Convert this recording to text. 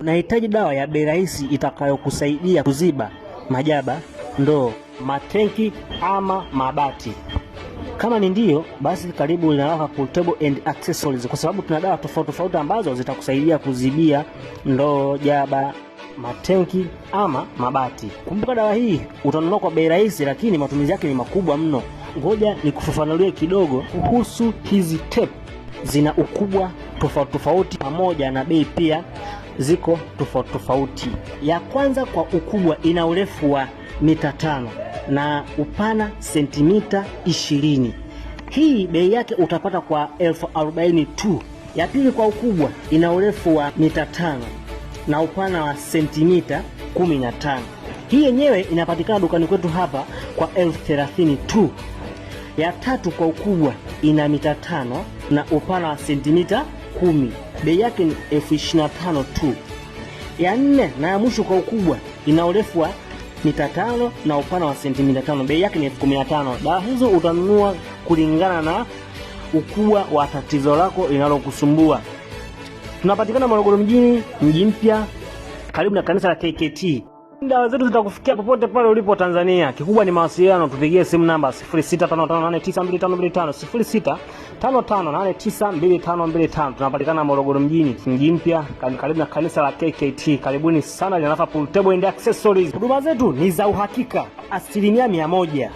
Unahitaji dawa ya bei rahisi itakayokusaidia kuziba majaba, ndoo, matenki ama mabati? Kama ni ndio, basi karibu Linalaka Portable and Accessories, kwa sababu tuna dawa tofauti tofauti ambazo zitakusaidia kuzibia ndoo, jaba, matenki ama mabati. Kumbuka dawa hii utanunua kwa bei rahisi, lakini matumizi yake ni makubwa mno. Ngoja nikufafanulie kidogo kuhusu hizi tape, zina ukubwa tofauti tofauti pamoja na bei pia ziko tofauti tofauti. Ya kwanza kwa ukubwa ina urefu wa mita tano na upana sentimita ishirini. Hii bei yake utapata kwa elfu arobaini tu. Ya pili kwa ukubwa ina urefu wa mita tano na upana wa sentimita kumi na tano. Hii yenyewe inapatikana dukani kwetu hapa kwa elfu thelathini tu. Ya tatu kwa ukubwa ina mita tano na upana wa sentimita kumi bei yake ni elfu ishirini na tano tu. Ya nne na ya mwisho kwa ukubwa ina urefu wa mita tano na upana wa sentimita tano, bei yake ni elfu kumi na tano. Dawa hizo utanunua kulingana na ukubwa wa tatizo lako linalokusumbua. Tunapatikana Morogoro mjini, mji mpya, karibu na kanisa la KKT. Dawa zetu zitakufikia popote pale ulipo Tanzania. Kikubwa ni mawasiliano, tupigie simu namba 0655892525, 0655892525. Tunapatikana Morogoro mjini, mji mpya, karibu na kanisa la KKT. Karibuni sana Janafah Pool Table and Accessories. Huduma zetu ni za uhakika asilimia mia moja.